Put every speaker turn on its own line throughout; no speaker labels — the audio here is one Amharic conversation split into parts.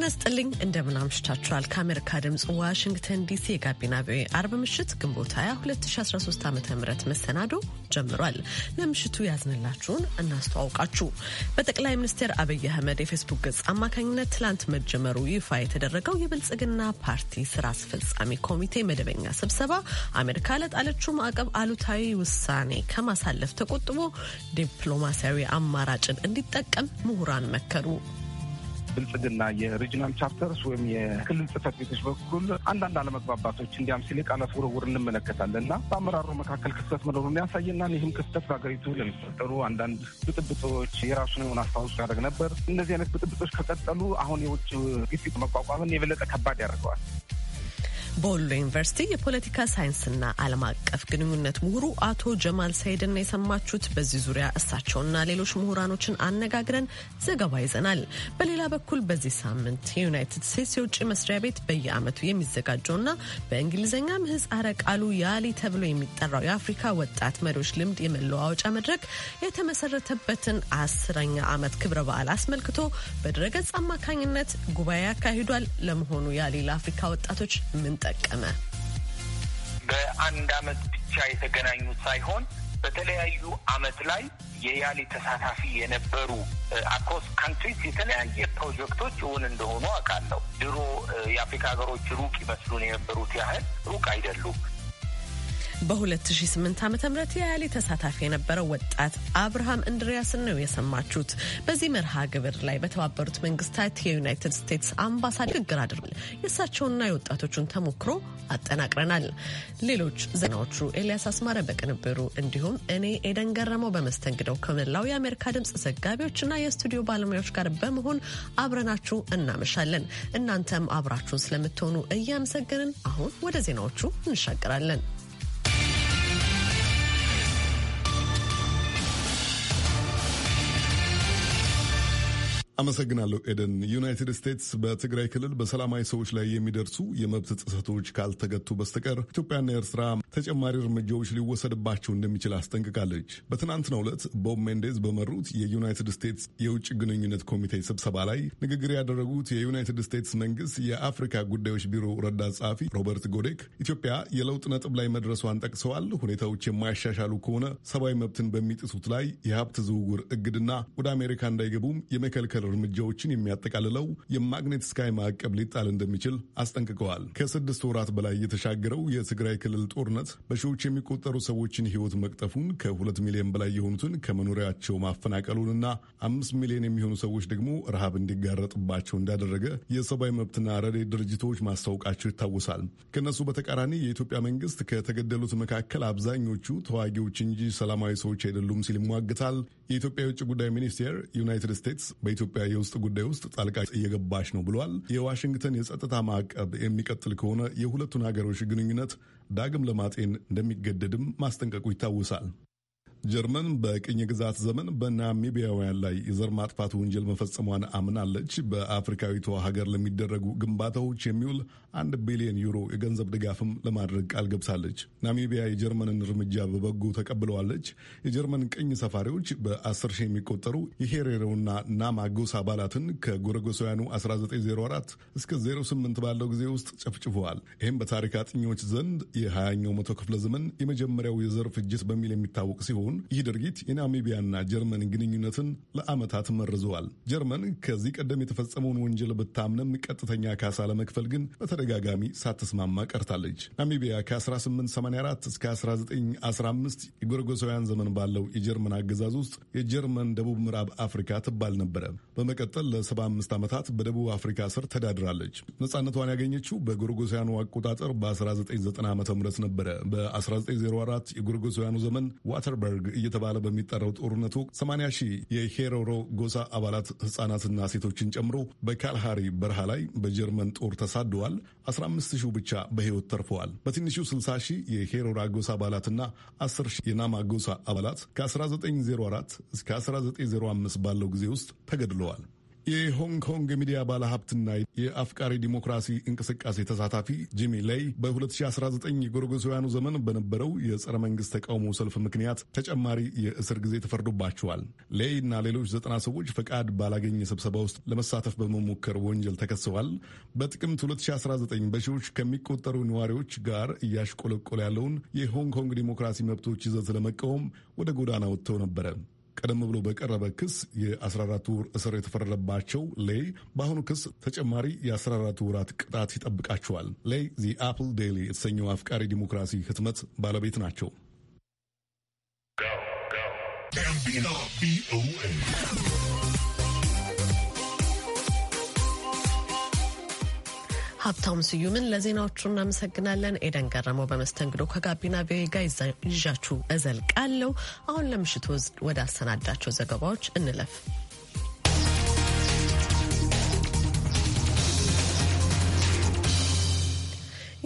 ጤና ስጥልኝ እንደምን አምሽታችኋል። ከአሜሪካ ድምፅ ዋሽንግተን ዲሲ የጋቢና ቪኦኤ አርብ ምሽት ግንቦት 20 2013 ዓ ም መሰናዶ ጀምሯል። ለምሽቱ ያዝንላችሁን እናስተዋውቃችሁ። በጠቅላይ ሚኒስትር አብይ አህመድ የፌስቡክ ገጽ አማካኝነት ትላንት መጀመሩ ይፋ የተደረገው የብልጽግና ፓርቲ ስራ አስፈጻሚ ኮሚቴ መደበኛ ስብሰባ አሜሪካ ለጣለችው ማዕቀብ አሉታዊ ውሳኔ ከማሳለፍ ተቆጥቦ ዲፕሎማሲያዊ አማራጭን እንዲጠቀም ምሁራን መከሩ።
ብልጽግና የሪጂናል ቻፕተርስ ወይም የክልል ጽህፈት ቤቶች በኩል አንዳንድ አለመግባባቶች እንዲያም ሲል ቃላት ውርውር እንመለከታለን እና በአመራሩ መካከል ክፍተት መኖሩን ያሳየናል። ይህም ክፍተት በሀገሪቱ ለሚፈጠሩ አንዳንድ ብጥብጦች የራሱን የሆነ አስተዋጽኦ ያደርግ ነበር። እነዚህ አይነት ብጥብጦች ከቀጠሉ አሁን የውጭ ግፊት መቋቋምን የበለጠ ከባድ ያደርገዋል።
በወሎ ዩኒቨርሲቲ የፖለቲካ ሳይንስና ዓለም አቀፍ ግንኙነት ምሁሩ አቶ ጀማል ሰይድና የሰማችሁት። በዚህ ዙሪያ እሳቸውና ሌሎች ምሁራኖችን አነጋግረን ዘገባ ይዘናል። በሌላ በኩል በዚህ ሳምንት የዩናይትድ ስቴትስ የውጭ መስሪያ ቤት በየዓመቱ የሚዘጋጀውና በእንግሊዝኛ ምህጻረ ቃሉ ያሊ ተብሎ የሚጠራው የአፍሪካ ወጣት መሪዎች ልምድ የመለዋወጫ መድረክ የተመሰረተበትን አስረኛ ዓመት ክብረ በዓል አስመልክቶ በድረገጽ አማካኝነት ጉባኤ ያካሂዷል። ለመሆኑ ያሊ ለአፍሪካ ወጣቶች ምን ተጠቀመ።
በአንድ አመት ብቻ የተገናኙ ሳይሆን በተለያዩ አመት ላይ የያሌ ተሳታፊ የነበሩ አክሮስ ካንትሪስ የተለያየ ፕሮጀክቶች እውን እንደሆኑ አውቃለሁ። ድሮ የአፍሪካ ሀገሮች ሩቅ ይመስሉን የነበሩት ያህል ሩቅ አይደሉም።
በ2008 ዓ ም የያሌ ተሳታፊ የነበረው ወጣት አብርሃም እንድሪያስን ነው የሰማችሁት። በዚህ መርሃ ግብር ላይ በተባበሩት መንግስታት የዩናይትድ ስቴትስ አምባሳደር ንግግር አድርጓል። የእሳቸውንና የወጣቶቹን ተሞክሮ አጠናቅረናል። ሌሎች ዜናዎቹ ኤልያስ አስማረ በቅንብሩ እንዲሁም እኔ ኤደን ገረመው በመስተንግደው ከመላው የአሜሪካ ድምፅ ዘጋቢዎችና የስቱዲዮ ባለሙያዎች ጋር በመሆን አብረናችሁ እናመሻለን። እናንተም አብራችሁን ስለምትሆኑ እያመሰገንን አሁን ወደ ዜናዎቹ እንሻገራለን።
አመሰግናለሁ ኤደን። ዩናይትድ ስቴትስ በትግራይ ክልል በሰላማዊ ሰዎች ላይ የሚደርሱ የመብት ጥሰቶች ካልተገቱ በስተቀር ኢትዮጵያና ኤርትራ ተጨማሪ እርምጃዎች ሊወሰድባቸው እንደሚችል አስጠንቅቃለች። በትናንትናው ዕለት ቦብ ሜንዴዝ በመሩት የዩናይትድ ስቴትስ የውጭ ግንኙነት ኮሚቴ ስብሰባ ላይ ንግግር ያደረጉት የዩናይትድ ስቴትስ መንግስት የአፍሪካ ጉዳዮች ቢሮ ረዳት ጸሐፊ ሮበርት ጎዴክ ኢትዮጵያ የለውጥ ነጥብ ላይ መድረሷን ጠቅሰዋል። ሁኔታዎች የማያሻሻሉ ከሆነ ሰብአዊ መብትን በሚጥሱት ላይ የሀብት ዝውውር እግድና ወደ አሜሪካ እንዳይገቡም የመከልከል እርምጃዎችን የሚያጠቃልለው የማግኔት ስካይ ማዕቀብ ሊጣል እንደሚችል አስጠንቅቀዋል። ከስድስት ወራት በላይ የተሻገረው የትግራይ ክልል ጦርነት በሺዎች የሚቆጠሩ ሰዎችን ሕይወት መቅጠፉን ከሁለት ሚሊዮን በላይ የሆኑትን ከመኖሪያቸው ማፈናቀሉንና አምስት ሚሊዮን የሚሆኑ ሰዎች ደግሞ ረሃብ እንዲጋረጥባቸው እንዳደረገ የሰብአዊ መብትና ረድኤት ድርጅቶች ማስታወቃቸው ይታወሳል። ከእነሱ በተቃራኒ የኢትዮጵያ መንግስት ከተገደሉት መካከል አብዛኞቹ ተዋጊዎች እንጂ ሰላማዊ ሰዎች አይደሉም ሲል ይሟግታል። የኢትዮጵያ የውጭ ጉዳይ ሚኒስቴር ዩናይትድ ስቴትስ በኢትዮጵያ በኢትዮጵያ የውስጥ ጉዳይ ውስጥ ጣልቃ እየገባች ነው ብሏል። የዋሽንግተን የጸጥታ ማዕቀብ የሚቀጥል ከሆነ የሁለቱን ሀገሮች ግንኙነት ዳግም ለማጤን እንደሚገደድም ማስጠንቀቁ ይታወሳል። ጀርመን በቅኝ ግዛት ዘመን በናሚቢያውያን ላይ የዘር ማጥፋት ወንጀል መፈጸሟን አምናለች። በአፍሪካዊቷ ሀገር ለሚደረጉ ግንባታዎች የሚውል አንድ ቢሊዮን ዩሮ የገንዘብ ድጋፍም ለማድረግ ቃል ገብታለች። ናሚቢያ የጀርመንን እርምጃ በበጎ ተቀብለዋለች። የጀርመን ቅኝ ሰፋሪዎች በአስር ሺህ የሚቆጠሩ የሄሬሮና ናማ ጎሳ አባላትን ከጎረጎሳውያኑ 1904 እስከ 08 ባለው ጊዜ ውስጥ ጨፍጭፈዋል። ይህም በታሪክ አጥኚዎች ዘንድ የ20ኛው መቶ ክፍለ ዘመን የመጀመሪያው የዘር ፍጅት በሚል የሚታወቅ ሲሆን ሲሆን ይህ ድርጊት የናሚቢያና ጀርመን ግንኙነትን ለዓመታት መርዘዋል። ጀርመን ከዚህ ቀደም የተፈጸመውን ወንጀል ብታምንም ቀጥተኛ ካሳ ለመክፈል ግን በተደጋጋሚ ሳትስማማ ቀርታለች። ናሚቢያ ከ1884 እስከ 1915 የጎረጎሳውያን ዘመን ባለው የጀርመን አገዛዝ ውስጥ የጀርመን ደቡብ ምዕራብ አፍሪካ ትባል ነበረ። በመቀጠል ለ75 ዓመታት በደቡብ አፍሪካ ስር ተዳድራለች። ነፃነቷን ያገኘችው በጎረጎሳውያኑ አቆጣጠር በ1990 ዓ ም ነበረ። በ1904 የጎረጎሳውያኑ ዘመን ዋተርበር ፒታስበርግ እየተባለ በሚጠራው ጦርነቱ ወቅት 80 ሺህ የሄሮሮ ጎሳ አባላት ህጻናትና ሴቶችን ጨምሮ በካልሃሪ በረሃ ላይ በጀርመን ጦር ተሳደዋል። 15 ሺህ ብቻ በህይወት ተርፈዋል። በትንሹ 60 ሺህ የሄሮራ ጎሳ አባላትና 10 ሺህ የናማ ጎሳ አባላት ከ1904 እስከ 1905 ባለው ጊዜ ውስጥ ተገድለዋል። የሆንግ ኮንግ የሚዲያ ባለሀብትና የአፍቃሪ ዲሞክራሲ እንቅስቃሴ ተሳታፊ ጂሚ ሌይ በ2019 የጎርጎሳውያኑ ዘመን በነበረው የጸረ መንግስት ተቃውሞ ሰልፍ ምክንያት ተጨማሪ የእስር ጊዜ ተፈርዶባቸዋል። ሌይ እና ሌሎች ዘጠና ሰዎች ፈቃድ ባላገኘ ስብሰባ ውስጥ ለመሳተፍ በመሞከር ወንጀል ተከሰዋል። በጥቅምት 2019 በሺዎች ከሚቆጠሩ ነዋሪዎች ጋር እያሽቆለቆለ ያለውን የሆንግ ኮንግ ዲሞክራሲ መብቶች ይዘት ለመቃወም ወደ ጎዳና ወጥተው ነበረ። ቀደም ብሎ በቀረበ ክስ የ14 ወር እስር የተፈረደባቸው ሌይ በአሁኑ ክስ ተጨማሪ የ14 ወራት ቅጣት ይጠብቃቸዋል። ሌይ ዚ አፕል ዴይሊ የተሰኘው አፍቃሪ ዲሞክራሲ ህትመት ባለቤት ናቸው።
ሀብታሙ ስዩምን ለዜናዎቹ እናመሰግናለን። ኤደን ገረመው በመስተንግዶ ከጋቢና ቪኦኤ ጋር ይዣችሁ እዘልቃለሁ። አሁን ለምሽቱ ወደ አሰናዳቸው ዘገባዎች እንለፍ።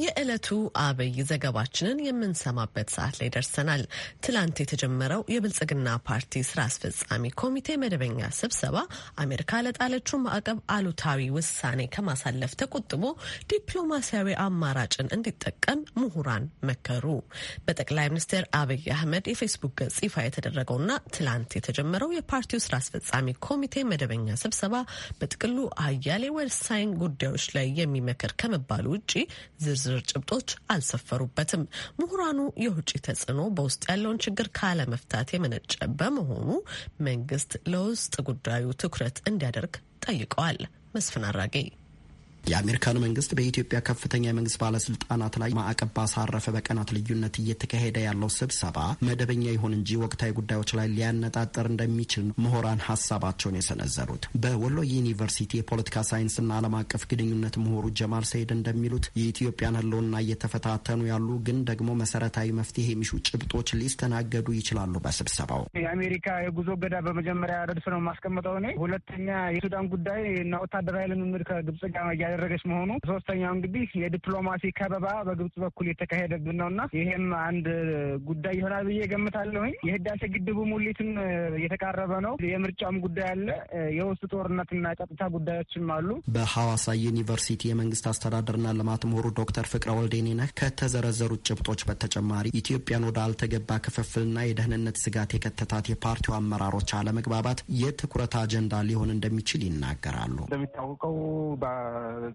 የዕለቱ አብይ ዘገባችንን የምንሰማበት ሰዓት ላይ ደርሰናል። ትላንት የተጀመረው የብልጽግና ፓርቲ ስራ አስፈጻሚ ኮሚቴ መደበኛ ስብሰባ አሜሪካ ለጣለችው ማዕቀብ አሉታዊ ውሳኔ ከማሳለፍ ተቆጥቦ ዲፕሎማሲያዊ አማራጭን እንዲጠቀም ምሁራን መከሩ። በጠቅላይ ሚኒስትር አብይ አህመድ የፌስቡክ ገጽ ይፋ የተደረገውና ትላንት የተጀመረው የፓርቲው ስራ አስፈጻሚ ኮሚቴ መደበኛ ስብሰባ በጥቅሉ አያሌ ወሳኝ ጉዳዮች ላይ የሚመክር ከመባሉ ውጭ ዝርዝር ዝርዝር ጭብጦች አልሰፈሩበትም። ምሁራኑ የውጭ ተጽዕኖ በውስጥ ያለውን ችግር ካለመፍታት የመነጨ በመሆኑ መንግስት ለውስጥ ጉዳዩ ትኩረት እንዲያደርግ ጠይቀዋል።
መስፍን አራጌ የአሜሪካኑ መንግስት በኢትዮጵያ ከፍተኛ የመንግስት ባለስልጣናት ላይ ማዕቀብ ባሳረፈ በቀናት ልዩነት እየተካሄደ ያለው ስብሰባ መደበኛ ይሁን እንጂ ወቅታዊ ጉዳዮች ላይ ሊያነጣጠር እንደሚችል ምሁራን ሀሳባቸውን የሰነዘሩት በወሎ ዩኒቨርሲቲ የፖለቲካ ሳይንስና ዓለም አቀፍ ግንኙነት ምሁሩ ጀማል ሰይድ እንደሚሉት የኢትዮጵያን ህልውና እየተፈታተኑ ያሉ ግን ደግሞ መሰረታዊ መፍትሄ የሚሹ ጭብጦች ሊስተናገዱ ይችላሉ። በስብሰባው
የአሜሪካ የጉዞ እገዳ በመጀመሪያ ረድፍ ነው የማስቀምጠው እኔ። ሁለተኛ የሱዳን ጉዳይ እና ወታደራዊ ልምምድ ከግብጽ ጋር ያደረገች መሆኑ፣ ሶስተኛው እንግዲህ የዲፕሎማሲ ከበባ በግብጽ በኩል የተካሄደብን ነው እና ይህም አንድ ጉዳይ ይሆናል ብዬ ገምታለሁኝ። የህዳሴ ግድቡ ሙሊትም የተቃረበ ነው። የምርጫውም ጉዳይ አለ። የውስጥ ጦርነትና ጸጥታ ጉዳዮችም አሉ።
በሐዋሳ ዩኒቨርሲቲ የመንግስት አስተዳደርና ልማት ምሁሩ ዶክተር ፍቅረ ወልዴኔነህ ከተዘረዘሩት ጭብጦች በተጨማሪ ኢትዮጵያን ወደ አልተገባ ክፍፍልና የደህንነት ስጋት የከተታት የፓርቲው አመራሮች አለመግባባት የትኩረት አጀንዳ ሊሆን እንደሚችል ይናገራሉ።
እንደሚታወቀው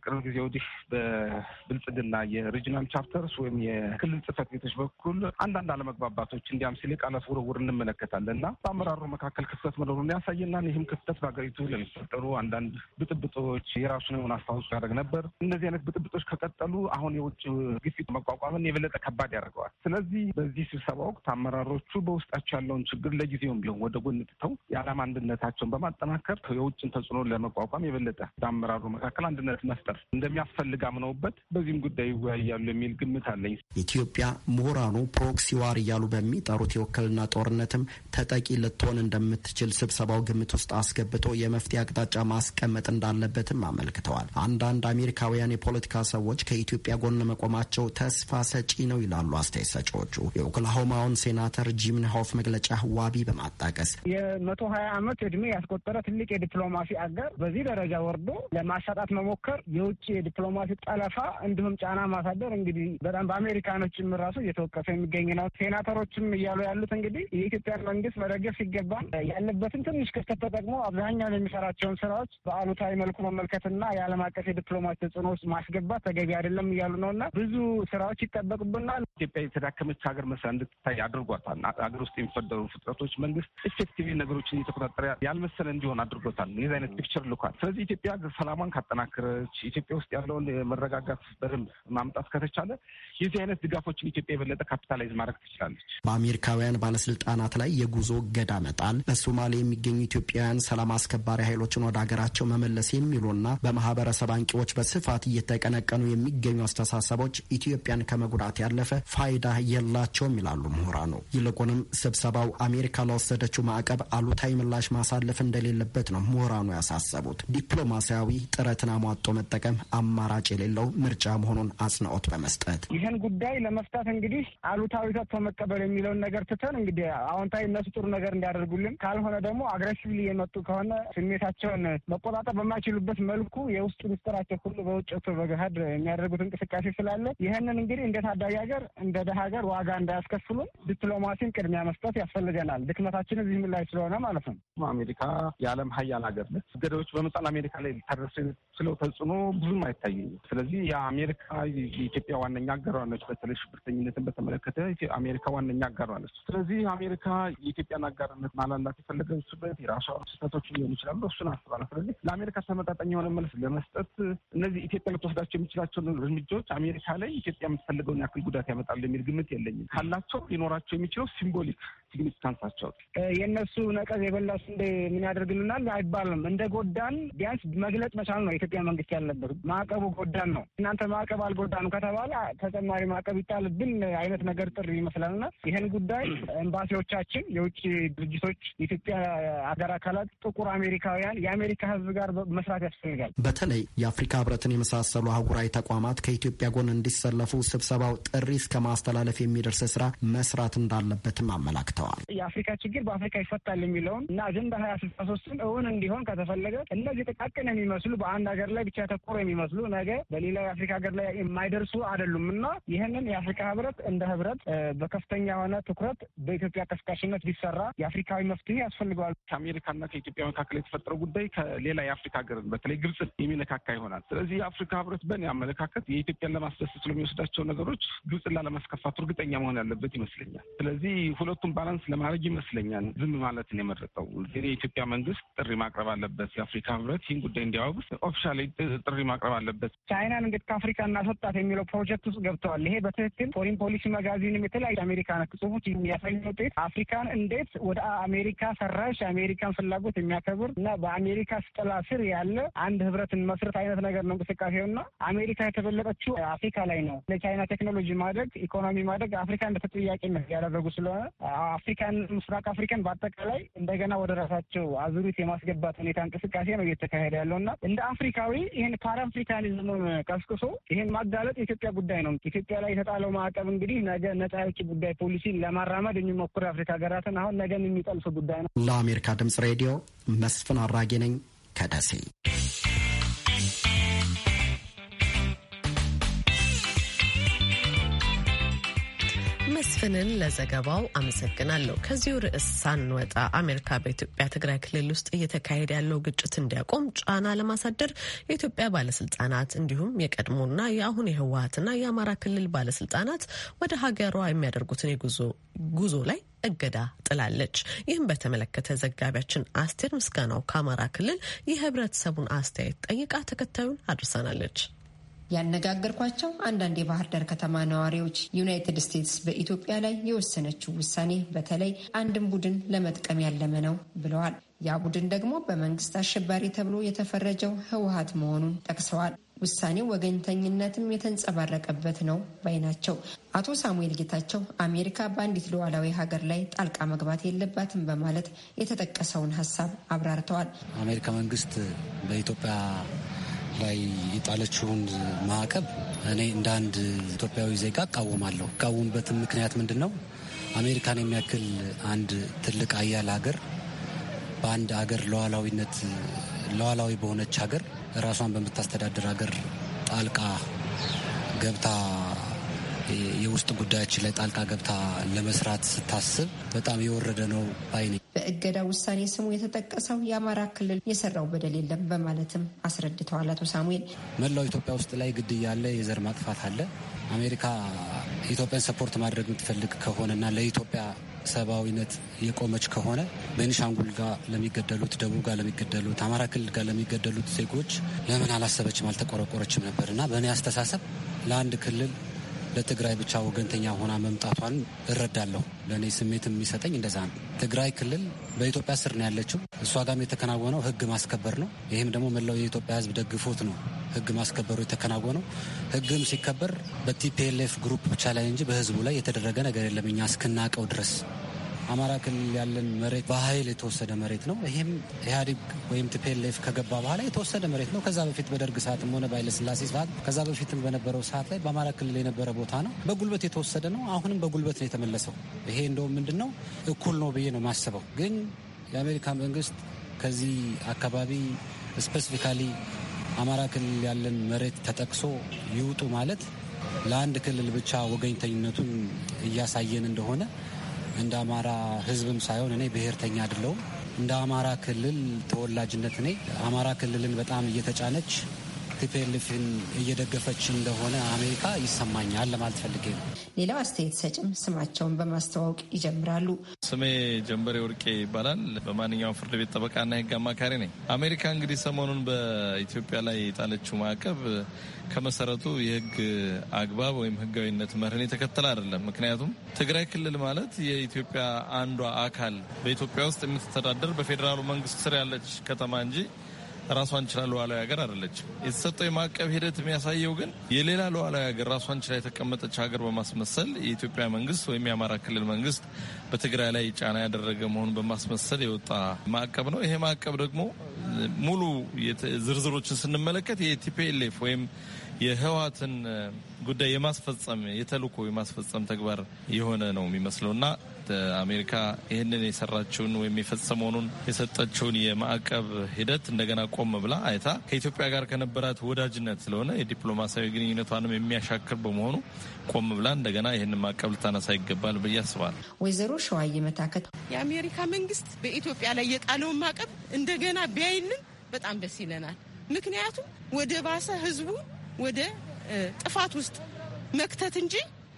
ቅርብ ጊዜ ወዲህ በብልጽግና የሪጅናል ቻፕተርስ ወይም የክልል ጽህፈት ቤቶች በኩል አንዳንድ አለመግባባቶች እንዲያም ሲል ቃላት ውርውር እንመለከታለን እና በአመራሩ መካከል ክፍተት መኖሩን ያሳየናል። ይህም ክፍተት በሀገሪቱ ለሚፈጠሩ አንዳንድ ብጥብጦች የራሱን የሆነ አስተዋጽኦ ያደርግ ነበር። እነዚህ አይነት ብጥብጦች ከቀጠሉ አሁን የውጭ ግፊት መቋቋምን የበለጠ ከባድ ያደርገዋል። ስለዚህ በዚህ ስብሰባ ወቅት አመራሮቹ በውስጣቸው ያለውን ችግር ለጊዜውም ቢሆን ወደ ጎን ትተው የዓላማ አንድነታቸውን በማጠናከር የውጭን ተጽዕኖ ለመቋቋም የበለጠ በአመራሩ መካከል አንድነት ለመፍጠር እንደሚያስፈልግ አምነውበት በዚህም ጉዳይ ይወያያሉ የሚል ግምት አለኝ።
ኢትዮጵያ ምሁራኑ ፕሮክሲ ዋር እያሉ በሚጠሩት የውክልና ጦርነትም ተጠቂ ልትሆን እንደምትችል ስብሰባው ግምት ውስጥ አስገብቶ የመፍትሄ አቅጣጫ ማስቀመጥ እንዳለበትም አመልክተዋል። አንዳንድ አሜሪካውያን የፖለቲካ ሰዎች ከኢትዮጵያ ጎን መቆማቸው ተስፋ ሰጪ ነው ይላሉ አስተያየት ሰጪዎቹ። የኦክላሆማውን ሴናተር ጂምን ሆፍ መግለጫ ዋቢ በማጣቀስ የመቶ ሀያ ዓመት እድሜ ያስቆጠረ ትልቅ የዲፕሎማሲ
አገር በዚህ ደረጃ ወርዶ ለማሳጣት መሞከር የውጭ ዲፕሎማሲ ጠለፋ እንዲሁም ጫና ማሳደር እንግዲህ በጣም በአሜሪካኖችም ራሱ እየተወቀሰ የሚገኝ ነው። ሴናተሮችም እያሉ ያሉት እንግዲህ የኢትዮጵያን መንግስት መደገፍ ሲገባን ያለበትን ትንሽ ክፍተት ተጠቅሞ አብዛኛው የሚሰራቸውን ስራዎች በአሉታዊ መልኩ መመልከትና የዓለም አቀፍ የዲፕሎማሲ ተጽዕኖ ውስጥ ማስገባት ተገቢ አይደለም እያሉ ነው እና ብዙ ስራዎች ይጠበቅብናል።
ኢትዮጵያ የተዳከመች ሀገር መስላ እንድትታይ አድርጓታል። ሀገር ውስጥ የሚፈደሩ ፍጥረቶች መንግስት ኢፌክቲቭ ነገሮችን እየተቆጣጠረ ያልመሰለ እንዲሆን አድርጎታል። የዚህ አይነት ፒክቸር ልኳል። ስለዚህ ኢትዮጵያ ሰላሟን ካጠናክረች ድጋፎች ኢትዮጵያ ውስጥ ያለውን መረጋጋት በደንብ ማምጣት ከተቻለ የዚህ አይነት ድጋፎችን ኢትዮጵያ የበለጠ ካፒታላይዝ ማድረግ ትችላለች።
በአሜሪካውያን ባለስልጣናት ላይ የጉዞ እገዳ መጣል፣ በሶማሌ የሚገኙ ኢትዮጵያውያን ሰላም አስከባሪ ኃይሎችን ወደ ሀገራቸው መመለስ የሚሉና በማህበረሰብ አንቂዎች በስፋት እየተቀነቀኑ የሚገኙ አስተሳሰቦች ኢትዮጵያን ከመጉዳት ያለፈ ፋይዳ የላቸውም ይላሉ ምሁራኑ። ይልቁንም ስብሰባው አሜሪካ ለወሰደችው ማዕቀብ አሉታዊ ምላሽ ማሳለፍ እንደሌለበት ነው ምሁራኑ ያሳሰቡት። ዲፕሎማሲያዊ ጥረትን አሟጦ መጠቀም አማራጭ የሌለው ምርጫ መሆኑን አጽንኦት በመስጠት
ይህን ጉዳይ ለመፍታት እንግዲህ አሉታዊ ሰጥቶ መቀበል የሚለውን ነገር ትተን እንግዲህ አዎንታዊ እነሱ ጥሩ ነገር እንዲያደርጉልን ካልሆነ ደግሞ አግሬሲቭሊ የመጡ ከሆነ ስሜታቸውን መቆጣጠር በማይችሉበት መልኩ የውስጥ ምስጢራቸው ሁሉ በውጭ በገሀድ የሚያደርጉት እንቅስቃሴ ስላለ ይህንን እንግዲህ እንደ ታዳጊ ሀገር እንደ ደሀ ሀገር ዋጋ እንዳያስከፍሉን ዲፕሎማሲን ቅድሚያ መስጠት ያስፈልገናል። ድክመታችን እዚህ ምን ላይ ስለሆነ ማለት ነው።
አሜሪካ የዓለም ሀያል ሀገር ነች። ገዳዮች በመጣል አሜሪካ ላይ ሊታደርስ ስለው ተጽዕኖ ብዙም አይታየኝም። ስለዚህ የአሜሪካ የኢትዮጵያ ዋነኛ አጋሯ ነች። በተለይ ሽብርተኝነትን በተመለከተ አሜሪካ ዋነኛ አጋሯ ነች። ስለዚህ አሜሪካ የኢትዮጵያን አጋርነት ማላላት የፈለገችበት የራሷ ስህተቶች ሊሆኑ ይችላሉ። እሱን አስባለ። ስለዚህ ለአሜሪካ ተመጣጣኝ የሆነ መልስ ለመስጠት እነዚህ ኢትዮጵያ ልትወስዳቸው የሚችላቸውን እርምጃዎች አሜሪካ ላይ ኢትዮጵያ የምትፈልገውን ያክል ጉዳት ያመጣሉ የሚል ግምት የለኝም። ካላቸው ሊኖራቸው የሚችለው ሲምቦሊክ ሲግኒፊካንሳቸው
የእነሱ ነቀዝ የበላ ስንዴ ምን ያደርግልናል አይባልም። እንደ ጎዳን ቢያንስ መግለጽ መቻል ነው የኢትዮጵያ መንግስት ያለበት። ማዕቀቡ ጎዳን ነው፣ እናንተ ማዕቀብ አልጎዳንም ከተባለ ተጨማሪ ማዕቀብ ይጣልብን አይነት ነገር ጥሪ ይመስላልና ይህን ጉዳይ ኤምባሲዎቻችን፣ የውጭ ድርጅቶች፣ የኢትዮጵያ አገር አካላት፣ ጥቁር አሜሪካውያን፣ የአሜሪካ ህዝብ ጋር መስራት ያስፈልጋል።
በተለይ የአፍሪካ ህብረትን የመሳሰሉ አህጉራዊ ተቋማት ከኢትዮጵያ ጎን እንዲሰለፉ ስብሰባው ጥሪ እስከ ማስተላለፍ የሚደርስ ስራ መስራት እንዳለበትም አመላክቷል። አመልክተዋል።
የአፍሪካ ችግር በአፍሪካ ይፈታል የሚለውን እና አጀንዳ ሀያ ስልሳ ሶስትን እውን እንዲሆን ከተፈለገ እነዚህ ጥቃቅን የሚመስሉ በአንድ ሀገር ላይ ብቻ ያተኮሩ የሚመስሉ ነገ በሌላ የአፍሪካ ሀገር ላይ የማይደርሱ አይደሉም እና ይህንን የአፍሪካ ህብረት እንደ ህብረት በከፍተኛ የሆነ ትኩረት በኢትዮጵያ ቀስቃሽነት ቢሰራ የአፍሪካዊ መፍትሄ ያስፈልገዋል።
ከአሜሪካና ከኢትዮጵያ መካከል የተፈጠረው ጉዳይ ከሌላ የአፍሪካ ሀገር በተለይ ግብጽ የሚነካካ ይሆናል። ስለዚህ የአፍሪካ ህብረት በእኔ አመለካከት የኢትዮጵያን ለማስደሰት ስለሚወስዳቸው ነገሮች ግብጽን ላለማስከፋት እርግጠኛ መሆን ያለበት ይመስለኛል። ስለዚህ ሁለቱም ባላንስ ለማድረግ ይመስለኛል ዝም ነው የመረጠው። የኢትዮጵያ መንግስት ጥሪ ማቅረብ አለበት። የአፍሪካ ህብረት ይህን ጉዳይ እንዲያወግዝ ኦፊሻሊ ጥሪ ማቅረብ አለበት።
ቻይናን እንግዲህ ከአፍሪካ እናስወጣት የሚለው ፕሮጀክት ውስጥ ገብተዋል። ይሄ በትክክል ፎሪን ፖሊሲ ማጋዚንም የተለያዩ አሜሪካ ነክ ጽሁፎች ውጤት አፍሪካን እንዴት ወደ አሜሪካ ሰራሽ የአሜሪካን ፍላጎት የሚያከብር እና በአሜሪካ ስጥላ ስር ያለ አንድ ህብረትን መስረት አይነት ነገር ነው እንቅስቃሴውና አሜሪካ የተበለጠችው አፍሪካ ላይ ነው። ለቻይና ቴክኖሎጂ ማደግ፣ ኢኮኖሚ ማደግ አፍሪካ እንደ ያደረጉ ስለሆነ አፍሪካን፣ ምስራቅ አፍሪካን በአጠቃላይ እንደገና ወደ ራሳቸው አዙሪት የማስገባት ሁኔታ እንቅስቃሴ ነው እየተካሄደ ያለው እና እንደ አፍሪካዊ ይህን ፓንአፍሪካኒዝምን ቀስቅሶ ይህን ማጋለጥ የኢትዮጵያ ጉዳይ ነው። ኢትዮጵያ ላይ የተጣለው ማዕቀብ እንግዲህ ነገ ነጻ የውጭ ጉዳይ ፖሊሲን ለማራመድ የሚሞክሩ የአፍሪካ ሀገራትን አሁን ነገም የሚጠልፍ ጉዳይ ነው።
ለአሜሪካ ድምጽ ሬዲዮ መስፍን አራጌ ነኝ
ከደሴ። መስፍንን ለዘገባው አመሰግናለሁ። ከዚሁ ርዕስ ሳንወጣ አሜሪካ በኢትዮጵያ ትግራይ ክልል ውስጥ እየተካሄደ ያለው ግጭት እንዲያቆም ጫና ለማሳደር የኢትዮጵያ ባለስልጣናት እንዲሁም የቀድሞና የአሁን የህወሀትና የአማራ ክልል ባለስልጣናት ወደ ሀገሯ የሚያደርጉትን ጉዞ ላይ እገዳ ጥላለች። ይህም በተመለከተ ዘጋቢያችን አስቴር ምስጋናው ከአማራ ክልል የህብረተሰቡን አስተያየት ጠይቃ ተከታዩን አድርሳናለች። ያነጋገርኳቸው
አንዳንድ የባህር ዳር ከተማ ነዋሪዎች ዩናይትድ ስቴትስ በኢትዮጵያ ላይ የወሰነችው ውሳኔ በተለይ አንድን ቡድን ለመጥቀም ያለመ ነው ብለዋል። ያ ቡድን ደግሞ በመንግስት አሸባሪ ተብሎ የተፈረጀው ህወሀት መሆኑን ጠቅሰዋል። ውሳኔው ወገኝተኝነትም የተንጸባረቀበት ነው ባይ ናቸው። አቶ ሳሙኤል ጌታቸው አሜሪካ በአንዲት ሉዓላዊ ሀገር ላይ ጣልቃ መግባት የለባትም በማለት የተጠቀሰውን ሀሳብ አብራርተዋል።
አሜሪካ መንግስት በኢትዮጵያ ላይ የጣለችውን ማዕቀብ እኔ እንደ አንድ ኢትዮጵያዊ ዜጋ እቃወማለሁ። እቃወምበትም ምክንያት ምንድን ነው? አሜሪካን የሚያክል አንድ ትልቅ አያል ሀገር በአንድ ሀገር ለዋላዊነት ለዋላዊ በሆነች ሀገር ራሷን በምታስተዳደር ሀገር ጣልቃ ገብታ የውስጥ ጉዳያችን ላይ ጣልቃ ገብታ ለመስራት ስታስብ በጣም የወረደ ነው ባይ
በእገዳ ውሳኔ ስሙ የተጠቀሰው የአማራ ክልል የሰራው በደል የለም በማለትም አስረድተዋል። አቶ ሳሙኤል
መላው ኢትዮጵያ ውስጥ ላይ ግድያ አለ፣ የዘር ማጥፋት አለ። አሜሪካ ኢትዮጵያን ሰፖርት ማድረግ የምትፈልግ ከሆነና ለኢትዮጵያ ሰብአዊነት የቆመች ከሆነ ቤኒሻንጉል ጋር ለሚገደሉት፣ ደቡብ ጋር ለሚገደሉት፣ አማራ ክልል ጋር ለሚገደሉት ዜጎች ለምን አላሰበችም አልተቆረቆረችም ነበር እና በእኔ አስተሳሰብ ለአንድ ክልል ለትግራይ ብቻ ወገንተኛ ሆና መምጣቷን እረዳለሁ። ለእኔ ስሜት የሚሰጠኝ እንደዛ ነው። ትግራይ ክልል በኢትዮጵያ ስር ነው ያለችው። እሷ ጋም የተከናወነው ህግ ማስከበር ነው። ይህም ደግሞ መላው የኢትዮጵያ ህዝብ ደግፎት ነው ህግ ማስከበሩ የተከናወነው። ህግም ሲከበር በቲፒኤልኤፍ ግሩፕ ብቻ ላይ እንጂ በህዝቡ ላይ የተደረገ ነገር የለም እኛ እስክናቀው ድረስ አማራ ክልል ያለን መሬት በኃይል የተወሰደ መሬት ነው። ይህም ኢህአዴግ ወይም ቲፒኤልኤፍ ከገባ በኋላ የተወሰደ መሬት ነው። ከዛ በፊት በደርግ ሰዓትም ሆነ ስላሴ ሰዓት፣ ከዛ በፊትም በነበረው ሰዓት ላይ በአማራ ክልል የነበረ ቦታ ነው። በጉልበት የተወሰደ ነው። አሁንም በጉልበት ነው የተመለሰው። ይሄ እንደውም ምንድን ነው እኩል ነው ብዬ ነው የማስበው። ግን የአሜሪካ መንግስት ከዚህ አካባቢ ስፔሲፊካሊ አማራ ክልል ያለን መሬት ተጠቅሶ ይውጡ ማለት ለአንድ ክልል ብቻ ወገኝተኝነቱን እያሳየን እንደሆነ እንደ አማራ ህዝብም ሳይሆን እኔ ብሔርተኛ አይደለሁም። እንደ አማራ ክልል ተወላጅነት እኔ አማራ ክልልን በጣም እየተጫነች ቲፒኤልኤፍን እየደገፈች እንደሆነ አሜሪካ ይሰማኛል ለማለት ፈልጌ ነው።
ሌላው አስተያየት ሰጭም ስማቸውን በማስተዋወቅ ይጀምራሉ።
ስሜ ጀንበሬ ወርቄ ይባላል። በማንኛውም ፍርድ ቤት ጠበቃና ሕግ አማካሪ ነኝ። አሜሪካ እንግዲህ ሰሞኑን በኢትዮጵያ ላይ የጣለችው ማዕቀብ ከመሰረቱ የህግ አግባብ ወይም ህጋዊነት መርህን የተከተለ አይደለም። ምክንያቱም ትግራይ ክልል ማለት የኢትዮጵያ አንዷ አካል በኢትዮጵያ ውስጥ የምትተዳደር በፌዴራሉ መንግስት ስር ያለች ከተማ እንጂ ራሷን ችላ ሉዓላዊ ሀገር አይደለችም። የተሰጠው የማዕቀብ ሂደት የሚያሳየው ግን የሌላ ሉዓላዊ ሀገር ራሷን ችላ የተቀመጠች ሀገር በማስመሰል የኢትዮጵያ መንግስት ወይም የአማራ ክልል መንግስት በትግራይ ላይ ጫና ያደረገ መሆኑን በማስመሰል የወጣ ማዕቀብ ነው። ይሄ ማዕቀብ ደግሞ ሙሉ ዝርዝሮችን ስንመለከት የቲፒኤልኤፍ ወይም የህወሓትን ጉዳይ የማስፈጸም የተልእኮ የማስፈጸም ተግባር የሆነ ነው የሚመስለው እና አሜሪካ ይህንን የሰራችውን ወይም የፈጸመውን የሰጠችውን የማዕቀብ ሂደት እንደገና ቆም ብላ አይታ ከኢትዮጵያ ጋር ከነበራት ወዳጅነት ስለሆነ የዲፕሎማሲያዊ ግንኙነቷንም የሚያሻክር በመሆኑ ቆም ብላ እንደገና ይህንን ማዕቀብ ልታነሳ ይገባል ብዬ አስባል።
ወይዘሮ ሸዋዬ መታከት የአሜሪካ መንግስት በኢትዮጵያ ላይ የጣለውን ማዕቀብ እንደገና ቢያይልን በጣም
ደስ ይለናል። ምክንያቱም ወደ ባሰ ህዝቡ ወደ ጥፋት ውስጥ መክተት እንጂ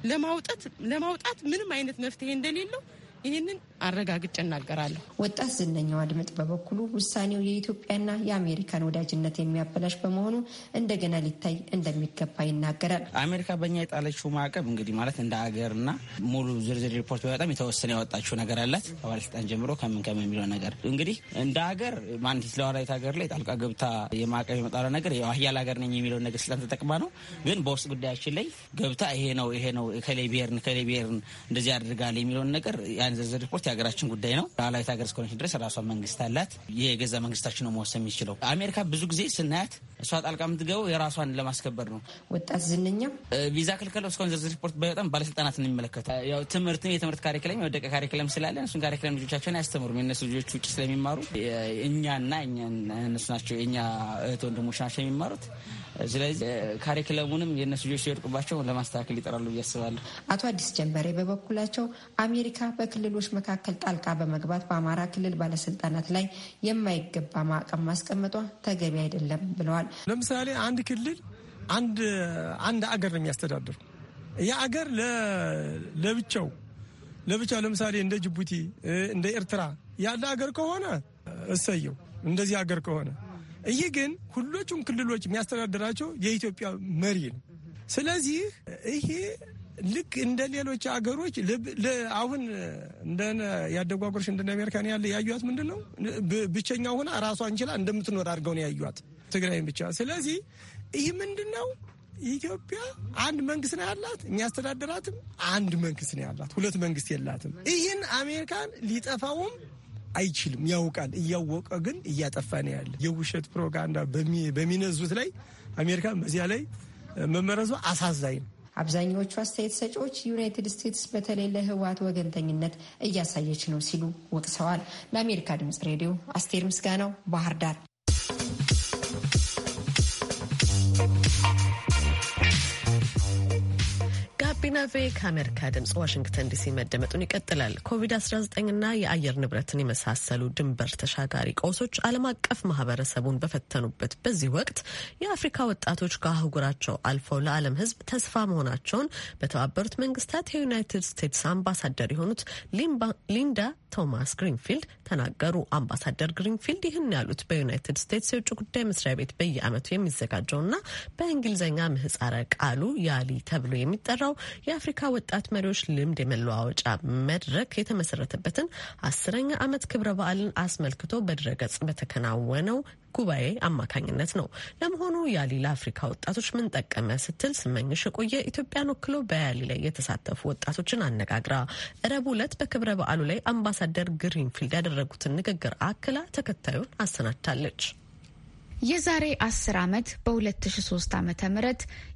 ለማውጣት ለማውጣት ምንም አይነት መፍትሄ እንደሌለው ይህንን
አረጋግጬ እናገራለሁ። ወጣት ዝነኛው አድምጥ በበኩሉ ውሳኔው የኢትዮጵያና የአሜሪካን ወዳጅነት የሚያበላሽ በመሆኑ እንደገና ሊታይ እንደሚገባ ይናገራል።
አሜሪካ በእኛ የጣለችው ማዕቀብ እንግዲህ ማለት እንደ ሀገርና ሙሉ ዝርዝር ሪፖርት በጣም የተወሰነ ያወጣችው ነገር አላት። ከባለስልጣን ጀምሮ ከምን ከምን የሚለው ነገር እንግዲህ እንደ ሀገር ማንዲት ለዋላዊት ሀገር ላይ ጣልቃ ገብታ የማዕቀብ የመጣለ ነገር ያህያል ሀገር ነኝ የሚለውን ነገር ስልጣን ተጠቅማ ነው። ግን በውስጥ ጉዳያችን ላይ ገብታ ይሄ ነው ይሄ ነው ከሌ ብሔርን ከሌ ብሔርን እንደዚህ አድርጋል የሚለውን ነገር ያን ዝርዝር ሪፖርት የሀገራችን ጉዳይ ነው። ሉዓላዊት ሀገር እስከሆነች ድረስ ራሷ መንግስት አላት። ይህ የገዛ መንግስታችን ነው መወሰን የሚችለው። አሜሪካ ብዙ ጊዜ ስናያት እሷ ጣልቃ የምትገባው የራሷን ለማስከበር ነው። ወጣት ዝንኛ ቪዛ ክልከላው እስካሁን ዝርዝር ሪፖርት በጣም ባለስልጣናት እንመለከተው ያው ትምህርት የትምህርት ካሪክለም የወደቀ ካሪክለም ስላለ እሱን ካሪክለም ልጆቻቸውን አያስተምሩም። የነሱ ልጆች ውጭ ስለሚማሩ እኛና እነሱ ናቸው የእኛ እህት ወንድሞች ናቸው የሚማሩት። ስለዚህ ካሪክለሙንም የእነሱ ልጆች ሲወድቁባቸው ለማስተካከል ይጠራሉ ብዬ
አቶ አዲስ ጀንበሬ በበኩላቸው አሜሪካ በክልሎች መካከል መካከል ጣልቃ በመግባት በአማራ ክልል ባለስልጣናት ላይ የማይገባ ማዕቀብ ማስቀመጧ ተገቢ አይደለም ብለዋል።
ለምሳሌ አንድ ክልል አንድ አንድ አገር ነው የሚያስተዳድሩ ያ አገር ለብቻው ለብቻው ለምሳሌ እንደ ጅቡቲ እንደ ኤርትራ ያለ አገር ከሆነ እሰየው፣ እንደዚህ አገር ከሆነ ይህ ግን ሁሎቹም ክልሎች የሚያስተዳድራቸው የኢትዮጵያ መሪ ነው። ስለዚህ ይሄ ልክ እንደ ሌሎች አገሮች አሁን እንደ ያደጉ አገሮች እንደ አሜሪካን ያለ ያዩት ምንድን ነው ብቸኛ ሆና ራሷን ችላ እንደምትኖር አድርገው ነው ያዩት ትግራይን ብቻ። ስለዚህ ይህ ምንድን ነው ኢትዮጵያ አንድ መንግስት ነው ያላት፣ የሚያስተዳድራትም አንድ መንግስት ነው ያላት፣ ሁለት መንግስት የላትም። ይህን አሜሪካን ሊጠፋውም አይችልም ያውቃል። እያወቀ ግን እያጠፋ ነው ያለ። የውሸት ፕሮጋንዳ በሚነዙት ላይ አሜሪካን በዚያ ላይ መመረዙ አሳዛኝ ነው።
አብዛኛዎቹ አስተያየት ሰጪዎች ዩናይትድ ስቴትስ በተለይ ለህወሀት ወገንተኝነት እያሳየች ነው ሲሉ ወቅሰዋል። ለአሜሪካ ድምጽ ሬዲዮ አስቴር ምስጋናው ባህር ዳር
ቪኦኤ ከአሜሪካ ድምጽ ዋሽንግተን ዲሲ መደመጡን ይቀጥላል። ኮቪድ-19ና የአየር ንብረትን የመሳሰሉ ድንበር ተሻጋሪ ቀውሶች ዓለም አቀፍ ማህበረሰቡን በፈተኑበት በዚህ ወቅት የአፍሪካ ወጣቶች ከአህጉራቸው አልፈው ለዓለም ሕዝብ ተስፋ መሆናቸውን በተባበሩት መንግስታት የዩናይትድ ስቴትስ አምባሳደር የሆኑት ሊንዳ ቶማስ ግሪንፊልድ ተናገሩ። አምባሳደር ግሪንፊልድ ይህን ያሉት በዩናይትድ ስቴትስ የውጭ ጉዳይ መስሪያ ቤት በየዓመቱ የሚዘጋጀውና በእንግሊዝኛ ምህጻረ ቃሉ ያሊ ተብሎ የሚጠራው የአፍሪካ ወጣት መሪዎች ልምድ የመለዋወጫ መድረክ የተመሰረተበትን አስረኛ ዓመት ክብረ በዓልን አስመልክቶ በድረገጽ በተከናወነው ጉባኤ አማካኝነት ነው። ለመሆኑ ያሊ አፍሪካ ወጣቶች ምን ጠቀመ? ስትል ስመኝሽ የቆየ ኢትዮጵያን ወክሎ በያሊ ላይ የተሳተፉ ወጣቶችን አነጋግራ ረቡዕ ሁለት በክብረ በዓሉ ላይ አምባሳደር ግሪንፊልድ ያደረጉትን ንግግር አክላ ተከታዩን አሰናድታለች።
የዛሬ አስር ዓመት በ2003 ዓ ም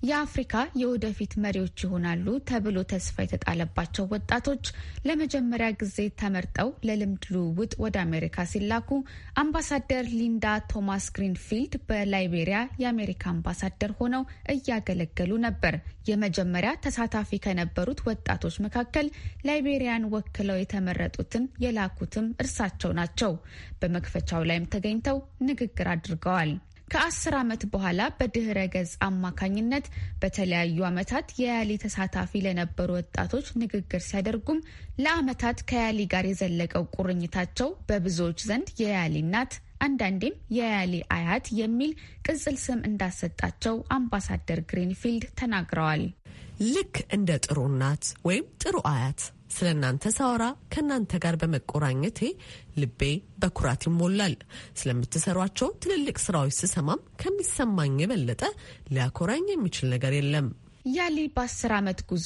የአፍሪካ የወደፊት መሪዎች ይሆናሉ ተብሎ ተስፋ የተጣለባቸው ወጣቶች ለመጀመሪያ ጊዜ ተመርጠው ለልምድ ልውውጥ ወደ አሜሪካ ሲላኩ አምባሳደር ሊንዳ ቶማስ ግሪንፊልድ በላይቤሪያ የአሜሪካ አምባሳደር ሆነው እያገለገሉ ነበር። የመጀመሪያ ተሳታፊ ከነበሩት ወጣቶች መካከል ላይቤሪያን ወክለው የተመረጡትን የላኩትም እርሳቸው ናቸው። በመክፈቻው ላይም ተገኝተው ንግግር አድርገዋል። ከአስር ዓመት በኋላ በድህረ ገጽ አማካኝነት በተለያዩ ዓመታት የያሊ ተሳታፊ ለነበሩ ወጣቶች ንግግር ሲያደርጉም ለዓመታት ከያሊ ጋር የዘለቀው ቁርኝታቸው በብዙዎች ዘንድ የያሊ እናት አንዳንዴም የያሌ አያት የሚል ቅጽል ስም እንዳሰጣቸው አምባሳደር ግሪንፊልድ ተናግረዋል።
ልክ እንደ ጥሩ እናት ወይም ጥሩ አያት ስለ እናንተ ሳወራ ከእናንተ ጋር በመቆራኘቴ ልቤ በኩራት ይሞላል። ስለምትሰሯቸው ትልልቅ ስራዎች ስሰማም ከሚሰማኝ የበለጠ ሊያኮራኝ የሚችል ነገር የለም።
ያሊ በ10 ዓመት ጉዞ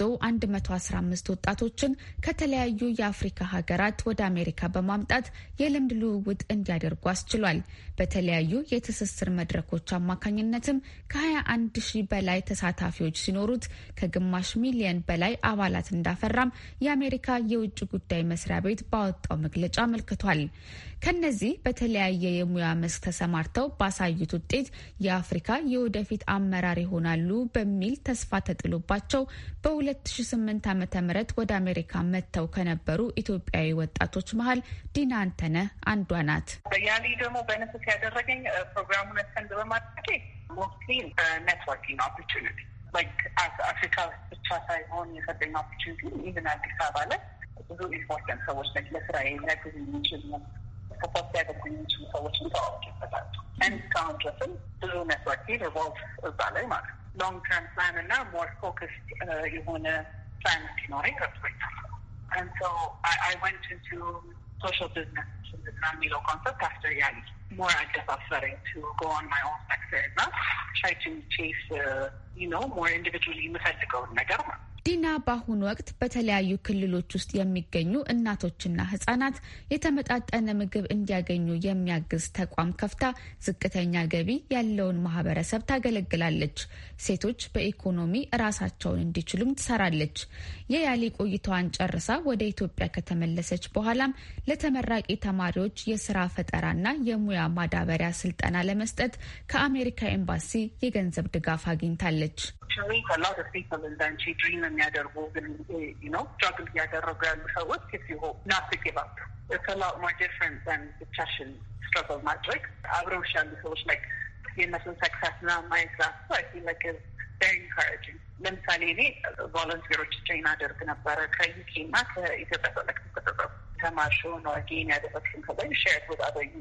115 ወጣቶችን ከተለያዩ የአፍሪካ ሀገራት ወደ አሜሪካ በማምጣት የልምድ ልውውጥ እንዲያደርጉ አስችሏል። በተለያዩ የትስስር መድረኮች አማካኝነትም ከ21 በላይ ተሳታፊዎች ሲኖሩት ከግማሽ ሚሊየን በላይ አባላት እንዳፈራም የአሜሪካ የውጭ ጉዳይ መስሪያ ቤት ባወጣው መግለጫ አመልክቷል። ከነዚህ በተለያየ የሙያ መስክ ተሰማርተው ባሳዩት ውጤት የአፍሪካ የወደፊት አመራር ይሆናሉ በሚል ተስፋ ተጥሎባቸው በ2008 ዓ ም ወደ አሜሪካ መጥተው ከነበሩ ኢትዮጵያዊ ወጣቶች መሀል ዲና አንተነ አንዷ ናት።
ያኔ ደግሞ በነፍስ ያደረገኝ ፕሮግራሙን ሰንድ በማድረጌ ኔትወርኪንግ ኦፖርቹኒቲ አፍሪካ ብቻ ሳይሆን የሰጠኝ ኦፖርቹኒቲ ኢቨን አዲስ አበባ ላይ ብዙ ኢምፖርታንት ሰዎች ነ ለስራ ሰፖርት የሚችሉ ሰዎችን እስካሁን ድረስም ብዙ ሪቮልቭ እዛ ላይ ማለት ነው። ሎንግ ተርም ፕላን እና ሞር ፎከስድ የሆነ ፕላን እንዲኖረኝ ረድቶኛል። ወንት ኢንቱ ሶሻል ቢዝነስ እና የሚለው ኮንሰፕት አፍተር ያሊ ሞር አደፋፈረኝ ቱ ጎ ኦን ማይ ኦን ሰክተር እና ትራይ ቱ ቼስ ዩ ኖ ሞር ኢንዲቪጁዋሊ የምፈልገውን ነገር
ማለት ነው። ዲና በአሁኑ ወቅት በተለያዩ ክልሎች ውስጥ የሚገኙ እናቶችና ህጻናት የተመጣጠነ ምግብ እንዲያገኙ የሚያግዝ ተቋም ከፍታ ዝቅተኛ ገቢ ያለውን ማህበረሰብ ታገለግላለች። ሴቶች በኢኮኖሚ ራሳቸውን እንዲችሉም ትሰራለች። የያሌ ቆይታዋን ጨርሳ ወደ ኢትዮጵያ ከተመለሰች በኋላም ለተመራቂ ተማሪዎች የስራ ፈጠራና የሙያ ማዳበሪያ ስልጠና ለመስጠት ከአሜሪካ ኤምባሲ የገንዘብ ድጋፍ አግኝታለች።
ሸዊንግ አላት ስፔትል እንዳንቺ ድሪም የሚያደርጉ ነው ስትራግል እያደረጉ ያሉ ሰዎች ሲሆ ናስጌባቱ ሰላ ማጀፈን ብቻሽን ስትራግል ማድረግ አብረውሽ ያሉ ሰዎች ላይ የእነሱን ሰክሰስ ና ማየት ራሱ አይ ላይክ ቬሪ ኢንካሬጂንግ ለምሳሌ እኔ ቮለንቲሮች ትሬን አደርግ ነበረ ከዩኬ እና ከኢትዮጵያ ሰለክ ተጠጠሩ ተማርሽውን ጌን ያደረግሽን ከላይ ሼር ወት አደዩ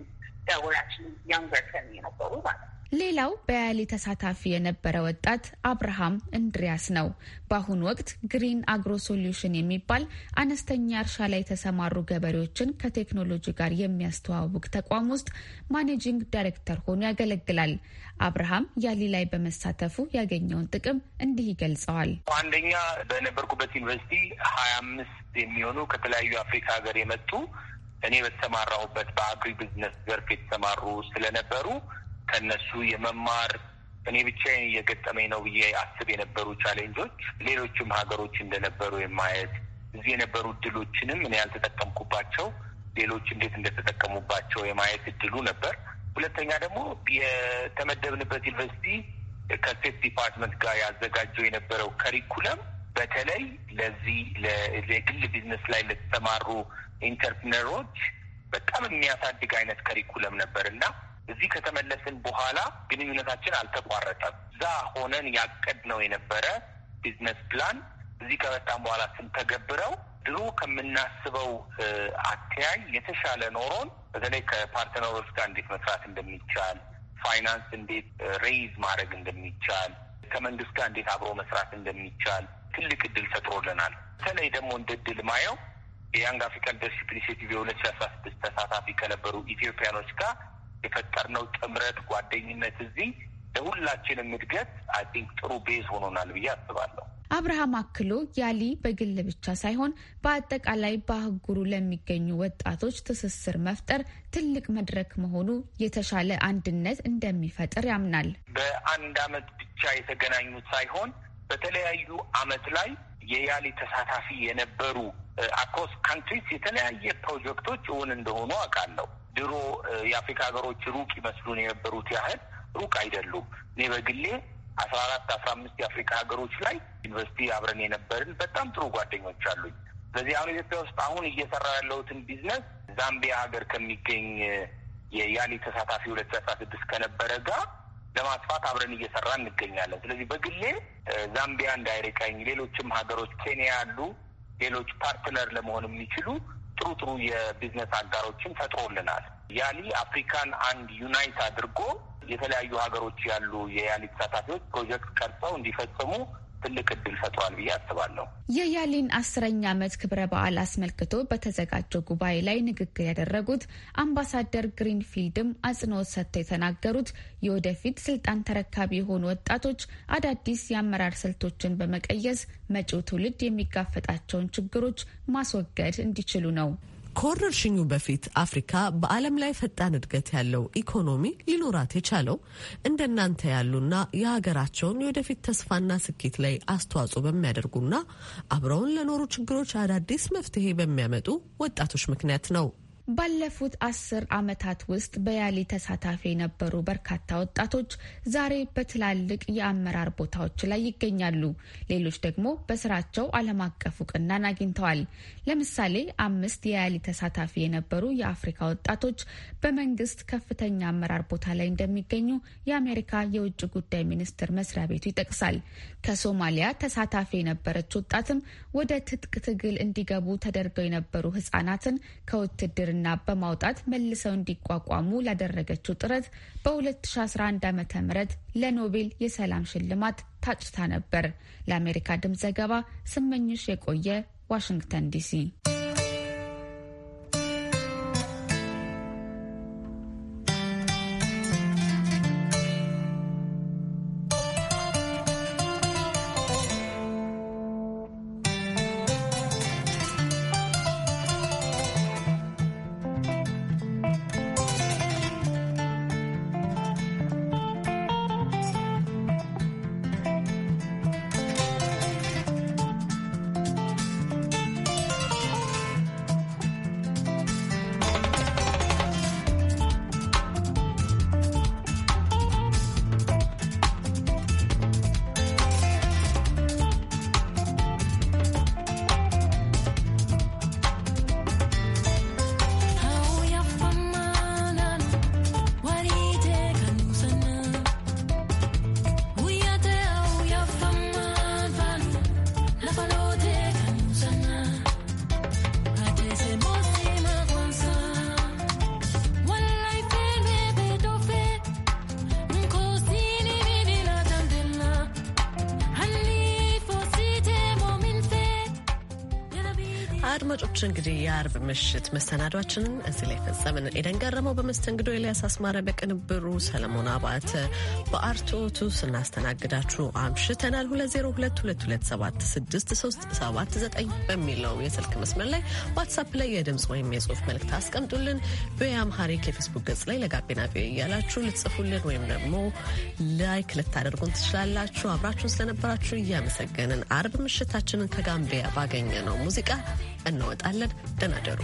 ያወራችን ያንገር ከሚ ነበሩ
ማለት ነው ሌላው በያሊ ተሳታፊ የነበረ ወጣት አብርሃም እንድሪያስ ነው። በአሁኑ ወቅት ግሪን አግሮ ሶሉሽን የሚባል አነስተኛ እርሻ ላይ የተሰማሩ ገበሬዎችን ከቴክኖሎጂ ጋር የሚያስተዋውቅ ተቋም ውስጥ ማኔጂንግ ዳይሬክተር ሆኖ ያገለግላል። አብርሃም ያሊ ላይ በመሳተፉ ያገኘውን ጥቅም እንዲህ ይገልጸዋል።
አንደኛ በነበርኩበት ዩኒቨርሲቲ ሀያ አምስት የሚሆኑ ከተለያዩ አፍሪካ ሀገር የመጡ እኔ በተሰማራሁበት በአግሪ ቢዝነስ ዘርፍ የተሰማሩ ስለነበሩ ከነሱ የመማር እኔ ብቻዬን እየገጠመኝ ነው ብዬ አስብ የነበሩ ቻሌንጆች ሌሎችም ሀገሮች እንደነበሩ የማየት እዚህ የነበሩ እድሎችንም እኔ ያልተጠቀምኩባቸው ሌሎች እንዴት እንደተጠቀሙባቸው የማየት እድሉ ነበር። ሁለተኛ ደግሞ የተመደብንበት ዩኒቨርሲቲ ከሴት ዲፓርትመንት ጋር ያዘጋጀው የነበረው ከሪኩለም በተለይ ለዚህ ለግል ቢዝነስ ላይ ለተሰማሩ ኢንተርፕነሮች በጣም የሚያሳድግ አይነት ከሪኩለም ነበር እና እዚህ ከተመለስን በኋላ ግንኙነታችን አልተቋረጠም። እዛ ሆነን ያቀድነው የነበረ ቢዝነስ ፕላን እዚህ ከመጣን በኋላ ስንተገብረው ድሮ ከምናስበው አተያይ የተሻለ ኖሮን በተለይ ከፓርትነሮች ጋር እንዴት መስራት እንደሚቻል፣ ፋይናንስ እንዴት ሬይዝ ማድረግ እንደሚቻል፣ ከመንግስት ጋር እንዴት አብሮ መስራት እንደሚቻል ትልቅ እድል ፈጥሮልናል። በተለይ ደግሞ እንደ እድል ማየው የያንግ አፍሪካ ሊደርሽፕ ኢኒሽቲቭ የሁለት ሺ አስራ ስድስት ተሳታፊ ከነበሩ ኢትዮጵያኖች ጋር የፈጠርነው ጥምረት፣ ጓደኝነት እዚህ ለሁላችንም እድገት አይ ቲንክ ጥሩ ቤዝ ሆኖናል ብዬ አስባለሁ።
አብርሃም አክሎ ያሊ በግል ብቻ ሳይሆን በአጠቃላይ በአህጉሩ ለሚገኙ ወጣቶች ትስስር መፍጠር ትልቅ መድረክ መሆኑ የተሻለ አንድነት እንደሚፈጥር ያምናል።
በአንድ አመት ብቻ የተገናኙት ሳይሆን በተለያዩ አመት ላይ የያሌ ተሳታፊ የነበሩ አክሮስ ካንትሪስ የተለያየ ፕሮጀክቶች እውን እንደሆኑ አውቃለሁ። ድሮ የአፍሪካ ሀገሮች ሩቅ ይመስሉን የነበሩት ያህል ሩቅ አይደሉም። እኔ በግሌ አስራ አራት አስራ አምስት የአፍሪካ ሀገሮች ላይ ዩኒቨርሲቲ አብረን የነበርን በጣም ጥሩ ጓደኞች አሉኝ። ስለዚህ አሁን ኢትዮጵያ ውስጥ አሁን እየሰራ ያለሁትን ቢዝነስ ዛምቢያ ሀገር ከሚገኝ የያሌ ተሳታፊ ሁለት ስድስት ከነበረ ጋር ለማጥፋት አብረን እየሰራ እንገኛለን። ስለዚህ በግሌ ዛምቢያ እንዳይርቀኝ፣ ሌሎችም ሀገሮች ኬንያ ያሉ ሌሎች ፓርትነር ለመሆን የሚችሉ ጥሩ ጥሩ የቢዝነስ አጋሮችን ፈጥሮልናል። ያሊ አፍሪካን አንድ ዩናይት አድርጎ የተለያዩ ሀገሮች ያሉ የያሊ ተሳታፊዎች ፕሮጀክት ቀርጸው እንዲፈጽሙ ትልቅ እድል ፈጥሯል ብዬ አስባለሁ።
የያሊን አስረኛ ዓመት ክብረ በዓል አስመልክቶ በተዘጋጀው ጉባኤ ላይ ንግግር ያደረጉት አምባሳደር ግሪንፊልድም አጽንኦት ሰጥተው የተናገሩት የወደፊት ስልጣን ተረካቢ የሆኑ ወጣቶች አዳዲስ የአመራር ስልቶችን በመቀየስ መጪው ትውልድ የሚጋፈጣቸውን ችግሮች ማስወገድ እንዲችሉ ነው።
ከወረርሽኙ በፊት አፍሪካ በዓለም ላይ ፈጣን እድገት ያለው ኢኮኖሚ ሊኖራት የቻለው እንደናንተ ያሉና የሀገራቸውን የወደፊት ተስፋና ስኬት ላይ አስተዋጽኦ በሚያደርጉና አብረውን ለኖሩ ችግሮች አዳዲስ መፍትሄ በሚያመጡ ወጣቶች ምክንያት ነው።
ባለፉት አስር ዓመታት ውስጥ በያሊ ተሳታፊ የነበሩ በርካታ ወጣቶች ዛሬ በትላልቅ የአመራር ቦታዎች ላይ ይገኛሉ። ሌሎች ደግሞ በስራቸው ዓለም አቀፍ እውቅናን አግኝተዋል። ለምሳሌ አምስት የያሊ ተሳታፊ የነበሩ የአፍሪካ ወጣቶች በመንግስት ከፍተኛ አመራር ቦታ ላይ እንደሚገኙ የአሜሪካ የውጭ ጉዳይ ሚኒስቴር መስሪያ ቤቱ ይጠቅሳል። ከሶማሊያ ተሳታፊ የነበረች ወጣትም ወደ ትጥቅ ትግል እንዲገቡ ተደርገው የነበሩ ህጻናትን ከውትድር ግብርና በማውጣት መልሰው እንዲቋቋሙ ላደረገችው ጥረት በ2011 ዓ ም ለኖቤል የሰላም ሽልማት ታጭታ ነበር። ለአሜሪካ ድምፅ ዘገባ ስመኝሽ የቆየ ዋሽንግተን ዲሲ
አድማጮች እንግዲህ የአርብ ምሽት መሰናዷችንን እዚህ ላይ ፈጸምን። ኤደን ገረመው በመስተንግዶ፣ ኤልያስ አስማረ በቅንብሩ፣ ሰለሞን አባተ በአርትዖቱ ስናስተናግዳችሁ አምሽተናል። 2022276379 በሚለው የስልክ መስመር ላይ ዋትሳፕ ላይ የድምፅ ወይም የጽሁፍ መልእክት አስቀምጡልን። በአምሃሪክ የፌስቡክ ገጽ ላይ ለጋቢና ቪ እያላችሁ ልትጽፉልን ወይም ደግሞ ላይክ ልታደርጉን ትችላላችሁ። አብራችሁን ስለነበራችሁ እያመሰገንን አርብ ምሽታችንን ከጋምቢያ ባገኘ ነው ሙዚቃ እናወጣለን። ደህና ደሩ።